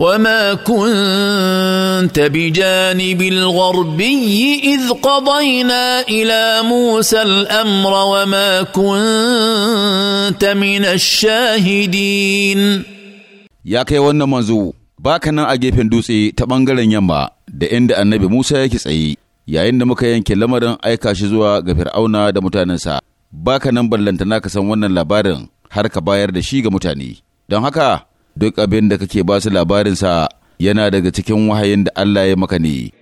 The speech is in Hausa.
وما كنت بجانب الغربي اذ قضينا الى موسى الامر وما كنت من الشاهدين يا kai wannan manzo baka nan a gefen dutse ta ɓangaren yamma da inda annabi Musa yake tsaye yayin da muka yanke lamarin aika shi zuwa ga Fir'auna da mutanensa baka nan na ka san wannan labarin har ka bayar da shi ga mutane don haka duk abin da kake ba su labarinsa yana daga cikin wahayin da Allah ya maka ne.